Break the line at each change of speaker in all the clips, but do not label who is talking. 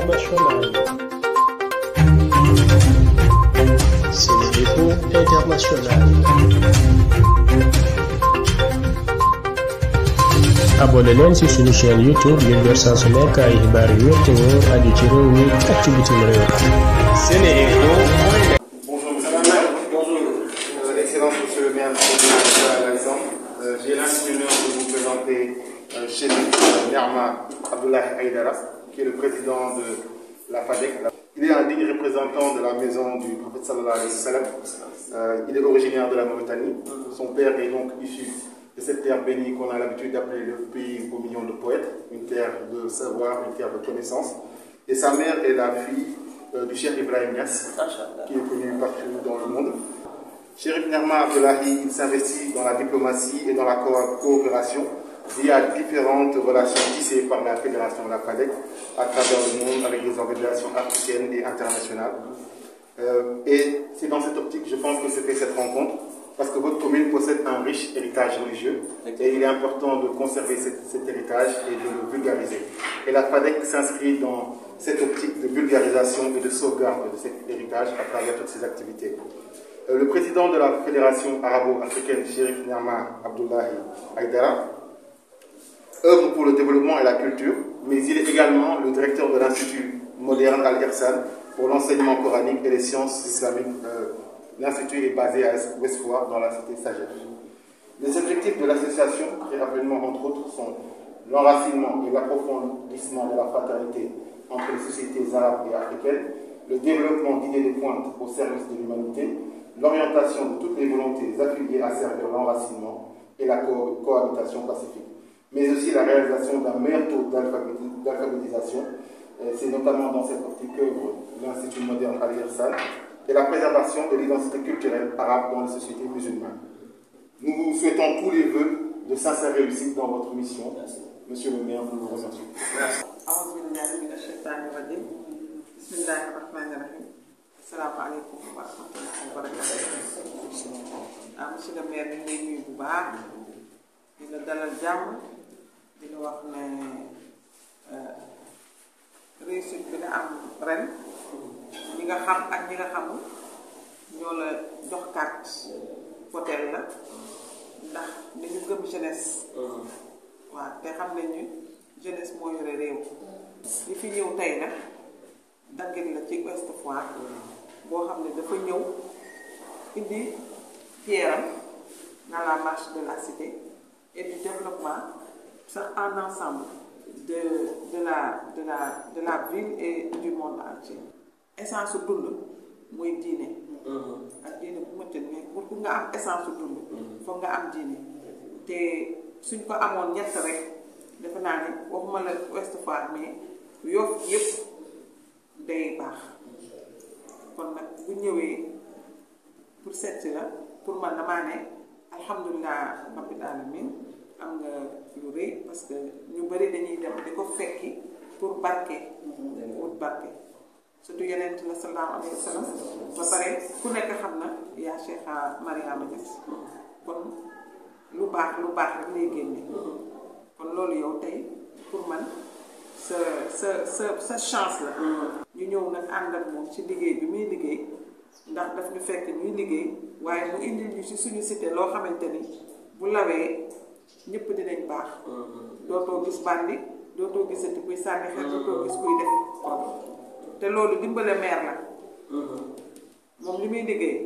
internationale. C'est le dépôt international. abonné leen ci suñu chaîne YouTube ngir jot saa su nekk ay xibaar yu wér te wóor aju ci réew mi ak ci bitim réew.
FADEC. Il est un digne représentant de la maison du prophète sallallahu euh, il est originaire de la Mauritanie. Son père est donc issu de cette terre bénie qu'on a l'habitude d'appeler le pays aux millions de poètes, une terre de savoir, une terre de connaissance. Et sa mère est la fille euh, du Cheikh Ibrahim Niass, qui est connu partout dans le monde. Cheikh Nerma Abdullahi, il s'investit dans la diplomatie et dans la coopération via différentes relations tissées par la Fédération de la FADEC à travers le monde avec des africaines et internationales. Euh, et c'est dans cette optique, je pense que c'était cette rencontre, parce que votre commune possède un riche héritage religieux, et il est important de conserver cet, héritage et de le vulgariser. Et la s'inscrit dans cette optique de vulgarisation et de sauvegarde de cet héritage à travers toutes ses activités. Euh, le président œuvre pour le développement et la culture, mais il est également le directeur de l'Institut moderne al pour l'enseignement coranique et les sciences islamiques. L'Institut est basé à Westfoy, dans la cité Sagesse. Les objectifs de l'association, très rapidement entre autres, sont l'enracinement et l'approfondissement de la fraternité entre les sociétés arabes et africaines, le développement d'idées de pointe au service de l'humanité, l'orientation mais aussi la réalisation d'un meilleur taux d'alphabétisation. Euh, c'est notamment dans cette optique que euh, l'Institut moderne al et la préservation de l'identité culturelle arabe dans les sociétés musulmanes. Nous vous souhaitons tous les vœux de sincère réussite dans votre mission. Monsieur le maire, nous vous remercions. Ah, monsieur le
maire, ñu ngi lay nuyu bu baax di la dalal jàmm wax ne euh, réussite bi nga am ren ñi nga xam ak ñi nga xamul ñoo la jox carte poteel la ndax dañu gëm jeunesse mm-hmm. waaw te xam nañ ni jeunesse moo yore réew li fi ñëw tey nag daggit la ci Ouest Foire mm-hmm. boo xam ne dafa ñëw indi pierre am la marche de la cité et du développement sax en ensemble de de la de la de la ville et du monde entier essence su dund mooy diine mm-hmm. ak diine bu mënti ne pour pour nga am essence su dund mm-hmm. foog nga am diine te suñ ko amoon ñett rek defe naa ne waxuma la Ouest Foire mais Yoff yëpp day baax kon nag bu ñëwee pour seet si la pour man damaa ne alhamdulilah rabbil alamin am nga lu rëy parce que ñu bëri dañuy dem di ko fekki pour barke wut barke surtout yonent la sallallahu alayhi wa sallam ba pare ku nekk xam na yaa Cheikha Mariama Niass kon baax lu baax rek lay kon loolu yow tey pour man sa sa sa sa chance la ñu ñëw nag ànd ak moom ci liggéey bi muy liggéey ndax daf ñu fekk muy liggéey waaye mu indil ñu ci suñu cité loo xamante ni bu lawee ñëpp dinañ baax. Mm-hmm. dootoo gis bandi dootoo gisati kuy sànni xel mm-hmm. dootoo gis kuy def. te loolu dimbale maire la. Mm-hmm. moom li muy liggéey.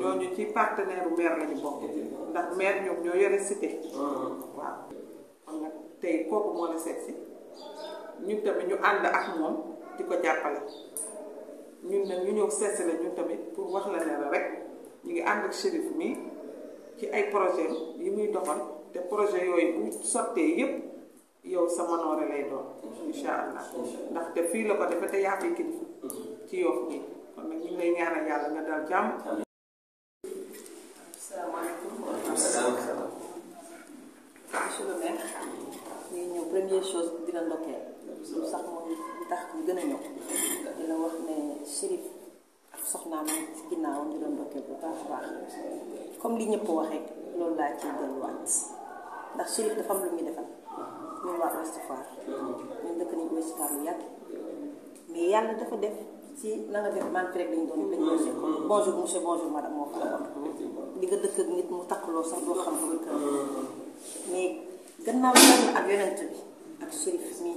ñooñu ci partenaire maire la ñu bokk. ndax maire ñoom ñoo yore cité. waaw xam nga tey kooku moo la seet si ñun tamit ñu ànd ak moom di ko jàppale. ñun nag ñu ñëw seet si la ñun tamit pour wax la ne rek ñu ngi ànd ak shérif mi ci ay projet yi muy doxal. te projet yooyu bu sottee yëpp yow sa manoore lay doon incha allah ndaxte fii la ko defe te yaa fi ci yoof nii kon nag yàlla nga dal jàmm salaamaaleykum monsieur le maire
ñëw première chose di la ndokkeel lu sax moom tax ñu gën a ñëw di la wax ne Chérif ak soxnaam ci ginnaawam di la ndokkeel bu baax a comme li ñëpp wax rek loolu laa ciy delluwaat ndax Chérif dafa am lu ñu defal ñun waa Ouest Foire ñun dëkk mais yàlla dafa def ci na nga def man rek dañu doon dañu doon sekk bonjour monsieur bonjour moo fa di nga dëkk nit mu takkaloo sax doo xam ko kër mais gannaaw yàlla ak yonent bi ak Chérif mii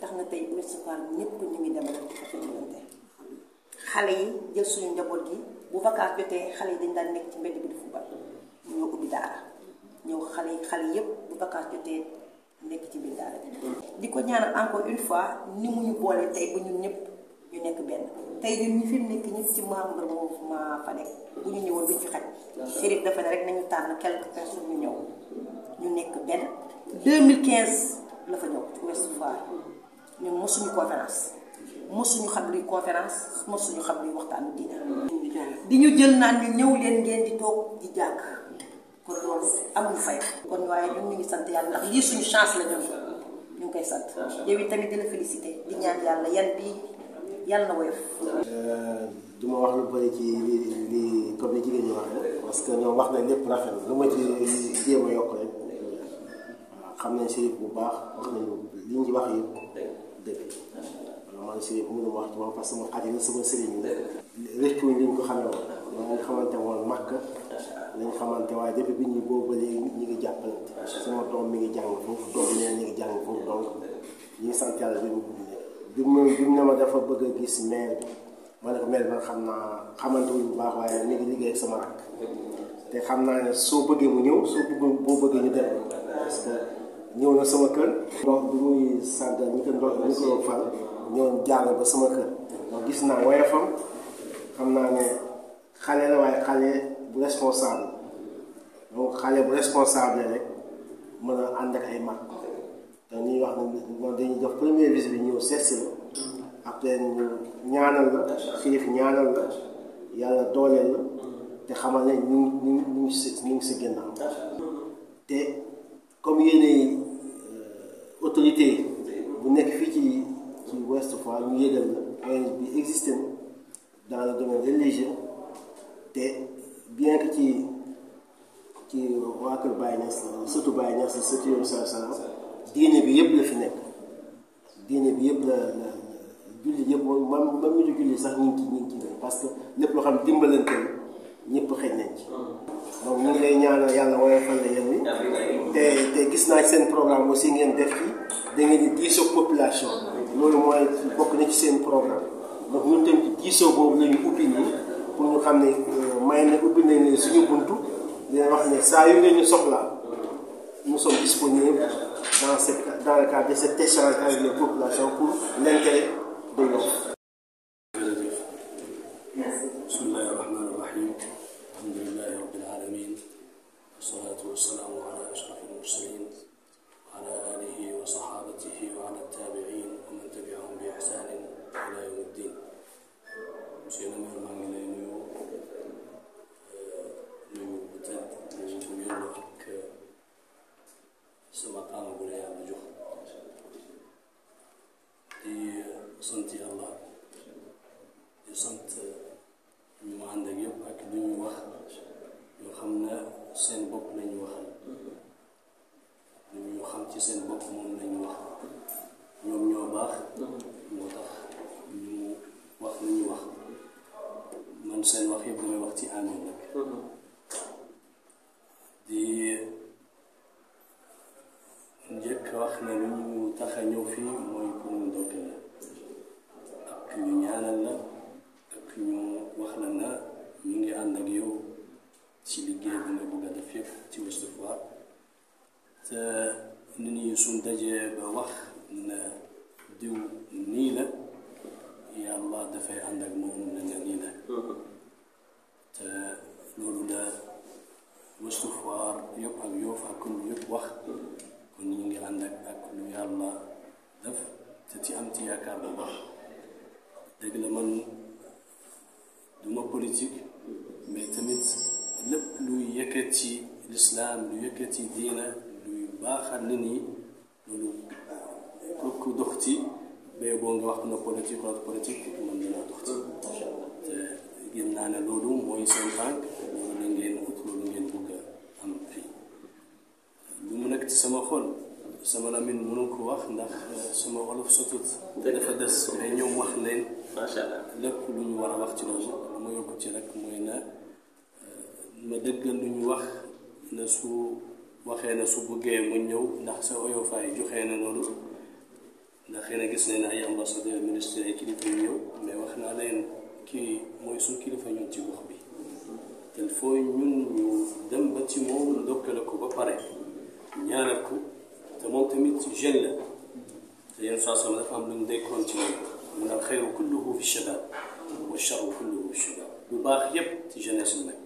tax na tey Ouest Foire ñëpp ñu ngi demal diggante yi jël njaboot gi bu vacances jotee xale yi dañ daan nekk ci mbedd bi di football ñoo ubbi daara ñëw xale xale yëpp bu vacance jotee nekk ci biir daara bi di ko ñaanal encore une fois ni mu ñu boole tey bu ñun ñëpp ñu nekk benn tey jii ñu fi mu nekk ñëpp ci membre fa nekk bu ñu ñëwoon duñ ci xaj. Chérif dafa ne nañu tànn quelques personnes ñu ñëw ñu nekk benn. 2015 la fa ñëw ci Ouest Foire ñun mosuñu conférence mosuñu xam luy conférence mosuñu xam luy waxtaanu diine. di ñu jël naan ñu ñëw leen ngeen di toog di jàng. kon loolu amuñu fay kon waaye ñun ñu ngi sant yàlla ndax lii suñu chance la ñun ñu ngi koy sant yow tamit di la félicité di ñaan yàlla yan bi yàlla na woyof euh, du ma wax lu bëri ci li li comme ni jigéen ñi waxee parce que ñoom wax
na lépp rafet lu ma ci jéem xam nañ wax nañu li ñu wax yëpp dëgg man Chérif ma wax ci moom parce que moom ñu ko xamee woon ñi nga xamante woon màkk lañ xamante waaye depuis bi ñu boobu ba léegi ñi ngi jàppalante suma doom mi ngi jàng foofu doom nee ñi ngi jàng foofu donc ñi ngi bi bi mu ma dafa bëgg gis maire ma ne ko xam naa xamante bu baax waaye mi ngi liggéey sama rakk te xam naa ne soo bëggee mu ñëw soo bëgg boo bëggee ñu dem parce ñëw na sama kër donc bi muy sant ñi ko ndox ñi ko fal ñëw jàll ba sama kër donc gis naa woyafam xale bu responsable donc xale bu responsable rek mën a ànd ak ay mag te li wax dañuy def première visite bi ñëw seet si la après ñu ñaanal la xiif ñaanal la yàlla dooleel la te xamal ne ñu ñu ñu ngi si ñu ngi si ginnaaw te comme yéen euh, autorité bu nekk fii ci ci Ouest Foire ñu yëgal la ONG bi existé na dans le domaine te bien que ci ci waa kër Baye Niass surtout Baye Niass surtout yow Sall Sall diine bi yëpp la fi nekk diine bi yëpp la la julli yëpp moom man man mii julli sax ñu ngi ci ñu ngi ci parce que lépp loo xam dimbalante ñëpp xëj nañ ci. donc ñu ngi lay yàlla woyofal gis naa seen programme aussi ngeen def ci da di diisoo population. loolu mooy bokk na ci seen programme donc tamit diisoo boobu la ñu ubbi nii. pour ñu xam ne euh, may na ubbi nañ suñu buntu dina wax ne saa yu ngeen ñu soxlaa mu sommes disponibles dans cette dans le cadre de cet échange avec les populations pour l'intérêt de l'homme
ci seen bopp moom lañu wax ñoom ñoo baax moo tax ñu wax lu wax man seen wax yëpp damay wax ci amin la ñu a ñëw fii mooy pour mu ndokkee la ak ñaanal la ak ñu wax la na ñu ngi ànd ak yow ci liggéey bi nga bëgg yëpp ci Ouest Foire te nit ñi suñ dajee ba wax ne diw nii la yàlla dafay ànd ak moom ne nga nii la te loolu la wastufaar yëpp ak yoof ak kon wax kon ñu ngi ànd ak ak def te ci am ci yaakaar bu baax dëgg man duma politique mais tamit lépp luy yëkkat lu yëkkat ci baaxal nit ñi loolu ku ku dox ci mais boo nga wax na politique wala politique mën na lu mu nekk sama xol sama lamin mënu wax ndax euh, sama wolof sotut te des mais wax leen macha lépp lu war a wax ci loolu ci rek mooy na euh, ma lu ñu wax na su waxee na su bëggee mu ñëw ndax sa oyofaay joxee na loolu ndax xëy na gis nañ ne ay ambassadeur ministère yi kilifa yu ñëw wax naa leen kii mooy suñ kilifa ñun ci gox bi te ñu dem ba ci moom ndokkale ko ba pare ñaanal ko te moom tamit jeune la te yenn saa sama dafa am lu mu day continuer mu ne xayru fi shabab wa charru kulluhu fi shabab lu baax yëpp ci jeunesse bi nag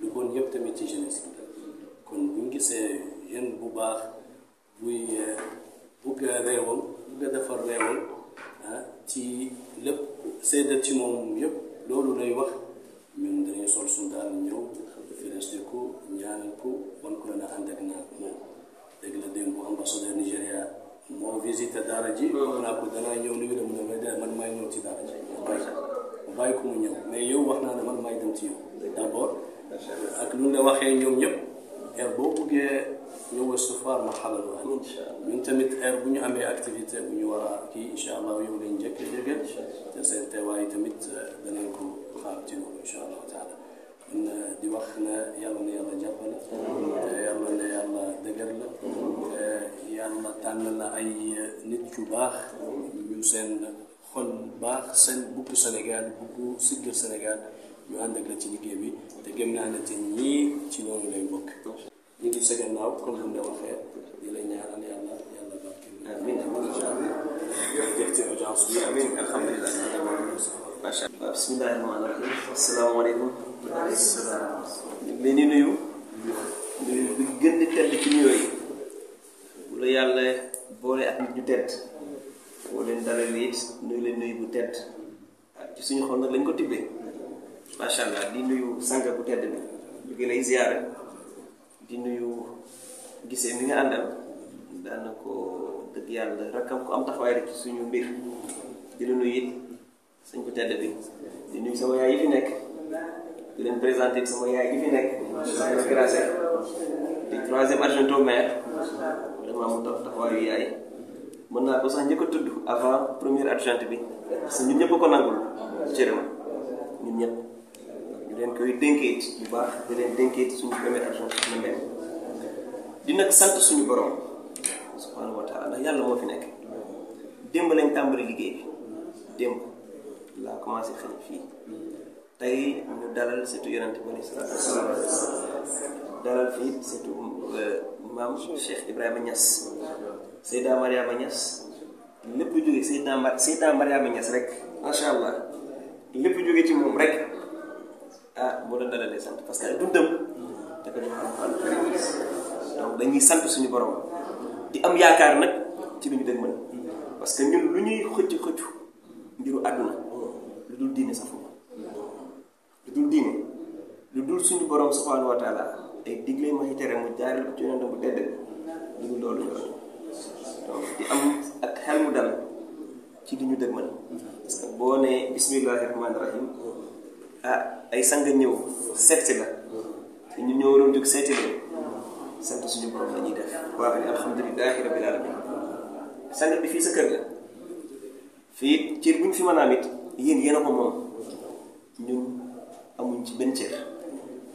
lu bon tamit ci jeunesse bi kon bu ñu gisee yenn bu baax buy eh, bugg a réewam bugg defar réewam ah, ci lépp séedal ci moom yëpp loolu lay wax ñun dañuy sol suñu daal ñëw financé ko ñaanal ko wan ko dana ñëw nuyu la mu ne may de man may ñëw ci daara ji ma bàyyi ko mu ñëw mais yow wax naa ne man may dem ci yow ak lu nga waxee ñoom ñëpp heure boo buggee ñëwal sufaar ma xamal ma incha allah ñun tamit heure bu ñu amee activité bu ñu war a kii incha allah yow lañ njëkk a jege te seen teewaay tamit eh, danañ ko xaar ci loolu eh, na te eh, yàlla na yàlla dëgër la te yàlla tànn ay nit yu baax ñu seen xol baax seen ñu ànd ak ci liggéey bi te gëm naa ne te ñii ci loolu lay bokk ñu ngi sa gannaaw comme ni mu la waxee di la ñaanal yàlla yàlla barkeel amiin directeur agence bi amiin alhamdulilah macha
leen nuyu nuyu gën di tedd ci nuyoo yi bu la yàlla boole ak nit ñu tedd boo leen dalal it leen nuyu bu tedd ak suñu xol nag lañ ko tibbee macha allah di nuyu sang bu tedd bi ñu ngi lay ziare di nuyu gisee mi nga àndal daan na yàlla rakkam ko am taxawaay rek suñu mbir di la nuyu it bu tedd bi di nuyu sama yaay yi fi nekk di leen présenté sama yaay yi fi nekk. di troisième adjoint au maire vraiment mu tax taxawaayu yaay mën naa ko sax njëkk a tudd avant première adjointe bi parce que ñun ñëpp ko nangul cërëm ñun ñëpp. leen koy dénkee bu baax di leen dénkee ci suñu première action suñu mel di sant suñu borom subhanahu wa taala ndax yàlla moo fi nekk démb lañ tàmbali liggéey bi démb laa commencé xëy fii tey ñu dalal surtout yonente bi alayhi salaatu dalal fii surtout euh, maam Cheikh Ibrahima Niass Seyda Mariama Niass lépp jógee Seyda Mar Seyda Mariama rek macha allah lépp jógee ci moom rek. Ah, boo la doon dalalee sant parce que ay dundam dafa jox sant suñu borom di am yaakaar nag ci lu ñu dëgg mën que lu ñuy xëcc xëccu mbiru àdduna lu dul diine lu dul suñu borom subhanahu wa taala ay digle bu tedd lu dul loolu ñu donc di am ak xel mu dal ci li boo nee bismillahi rahmaani rahim ah. ay sang ñëw seet si la te ñun ñoo waroon jóg seeti la sant suñu borom la ñuy def waaw alhamdulilahi rabbil alamin sang bi fii sa kër la fii cër bu ñu fi mën a am it yéen yéen a ko moom ñun amuñ ci benn cër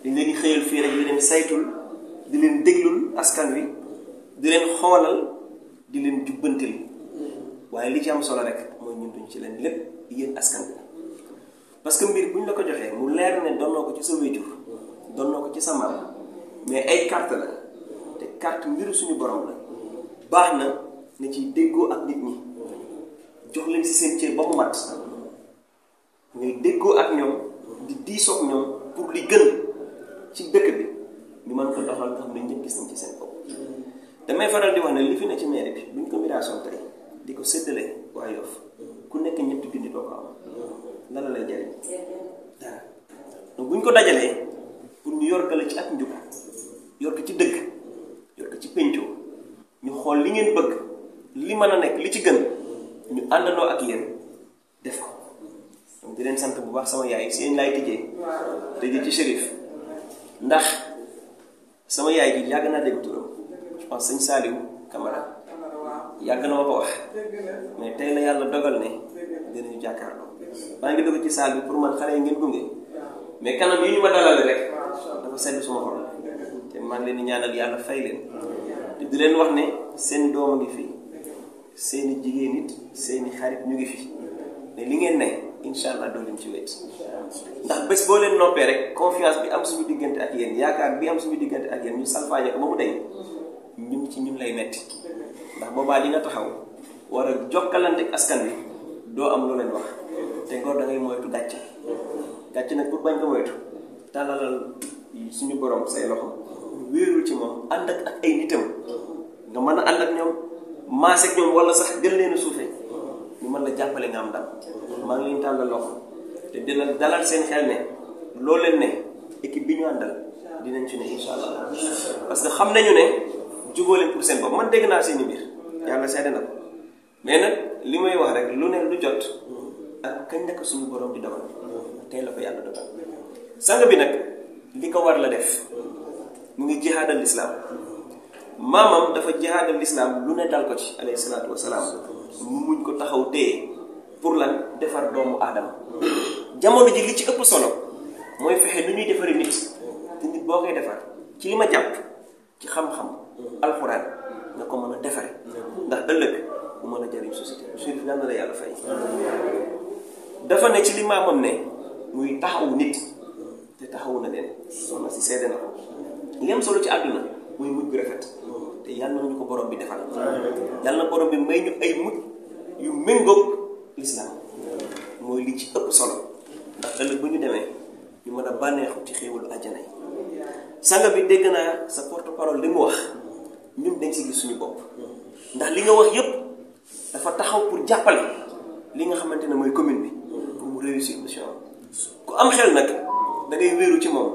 dañ leen di xëyal fii rek di leen saytul di leen déglul askan wi di leen xoolal di leen jubbantil waaye li ci am solo rek mooy ñun duñ ci leen lépp yéen askan bi parce que mbir bu ñu la ko joxee mu leer ne donnoo ko ci sa wéjur donnoo ko ci sa maam mais ay carte la te kart mbiru suñu borom la baax na na ci déggoo ak nit ñi jox leen si seen cër ba mu mat ngay déggoo ak ñoom di diisoo ak ñoom pour li gën ci dëkk bi ñu mën ko doxal nga xam ne gis nañ ci seen bopp damay faral di wax ne li fi ne ci mairie bi bu ñu ko miraasoo tey di ko séddale waaye Yoff ku nekk ñetti junni doo ko am lan la lay jëriñ dara ñu ko dajalee pour ñu yor ko la ci ak njub yor ci dëkk yor ci péncoo ñu xool li ngeen bëgg li mën a nekk li ci gën ñu àndandoo ak yéen def ko di leen sant bu baax sama yaay si yéen laay tëjee ci shérif ndax yaay ji yàgg naa dem turam je pense sëñ Saliou Camara yàgg na ma ko wax mais tey la yàlla dogal ne dinañu jàkkaarloo maa ngi dugg ci saal bi pour man xale yi ngeen gunge mais kanam yi ñu ma dalal rek dafa sedd suma xol te maa ngi leen di ñaanal yàlla fay leen te di leen wax ne seen doom a ngi fi seen i jigéen it seen xarit ñu ngi fi ne li ngeen ne incha allah doo leen ci wet ndax bés boo leen noppee rek confiance bi am suñu diggante ak yéen yaakaar bi am suñu diggante ak yenn ñu salfaañe ko ba mu dey ñun ci ñun lay metti ndax boobaa li nga taxaw war a jokkalante askan bi doo am loo leen wax te ngor da ngay moytu gàcce gàcce nag pour bañ ko moytu tàllalal suñu borom say loxo wéerul ci moom ànd ak ak ay nitam nga mën a ànd ak ñoom maase ak ñoom wala sax gën leen a suufee ñu mën la jàppale nga am ndam maa ngi leen tàllal loxo te dina dalal seen xel ne loo leen ne équipe bi ñu àndal dinañ ci ne incha allah parce que xam nañu ne jubóole pour seen bopp man dégg naa seen i mbir yàlla seede na ko mais nag li may wax rek lu ne lu jot. ak kañ nekk suñu borom di dogal tey la ko yàlla dogal sang bi nag li ko war la def mu ngi jihaadal lislaam maamam dafa jihaadal lislaam lu ne dal ko ci alayhi salaatu wasalaam mu muñ ko taxaw téye pour lan defar doomu aadama jamono ji li ci ëpp solo mooy fexe nu ñuy defari nit te nit boo koy defar ci li ma jàpp ci xam-xam alxuraan nga ko mën a defare ndax ëllëg mu mën a jariñ société Chérif yàlla na la yàlla fay dafa ne ci li ne muy taxaw nit te taxawu na leen soxna na ko li am solo ci àdduna muy mujj bu rafet te yàlla na ñu ko borom bi defal yàlla na borom bi may ñu ay mujj yu méngoog lislaam mooy li ci ëpp solo ndax ëllëg bu ñu demee ñu mën a bànneexu ci xéewalu àjjana yi sanga bi dégg naa sa porte parole li mu wax ñun dañ si gis suñu bopp ndax li nga wax yépp dafa taxaw pour jàppale li nga xamante ne mooy commune bi mu réussir ku am xel nag da ngay wéeru ci moom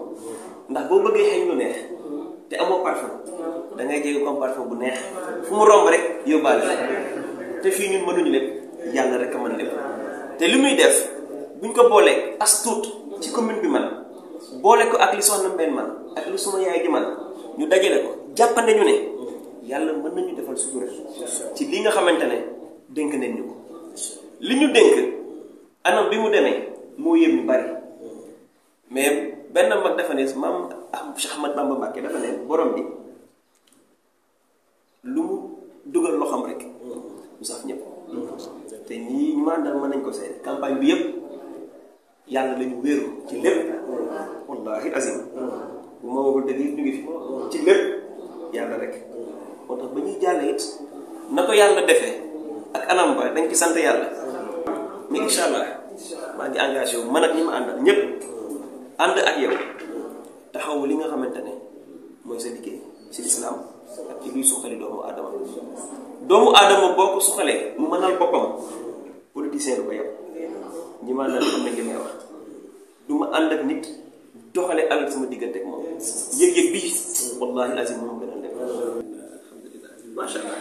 ndax boo bëggee xeeñ lu neex te amoo parfum da ngay jege comme parfum bu neex fu mu romb rek yóbbaale te fii ñun mënuñu lépp yàlla rek a man lépp te li muy def buñ ko boolee as tuut ci commune bi man boole ko ak li soxna mbenn man ak li suma yaay ji man ñu dajale ko jàppande ñu ne yàlla mën nañu defal sutura ci li nga xamante ne dénk ñu ko li ñu dénk anam bi mu demee moo yëm ñu bari mais benn mag dafa ne maam ah, Cheikh Ahmad Bamba Mbàkke dafa borom bi lu mu dugal loxam rek mu saf ñëpp te ñii ñu mandal nañ ko seet campagne bi yëpp yàlla lañu wéeru ci lépp wallahi azim bu ma wagul dëgg ñu ngi fi ci lépp yàlla rek moo tax ba ñuy jàll it na ko yàlla defee ak anam ba dañ ci sant yàlla mais incha allah maa ngi engagé man ak ñi ma àndal ñëpp ànd ak yow taxaw li nga xamante ne mooy sa liggéey si lislaam ak ci luy suqali doomu aadama doomu aadama boo ko suqalee mu mënal boppam politicien du ko ñi ma àndal ma ànd ak nit doxale alal sama diggante ak moom yëg-yëg bii wallahi azim moom gën a nekk macha allah